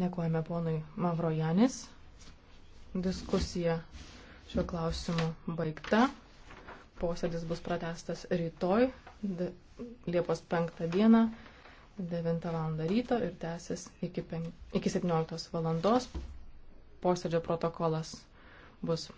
Dėkojame ponui Mavrojanis. Diskusija šiuo klausimu baigta. Posėdis bus pratestas rytoj, Liepos 5 dieną, 9 val. ryto ir tęsis iki, 5, iki 17 val. Posėdžio protokolas bus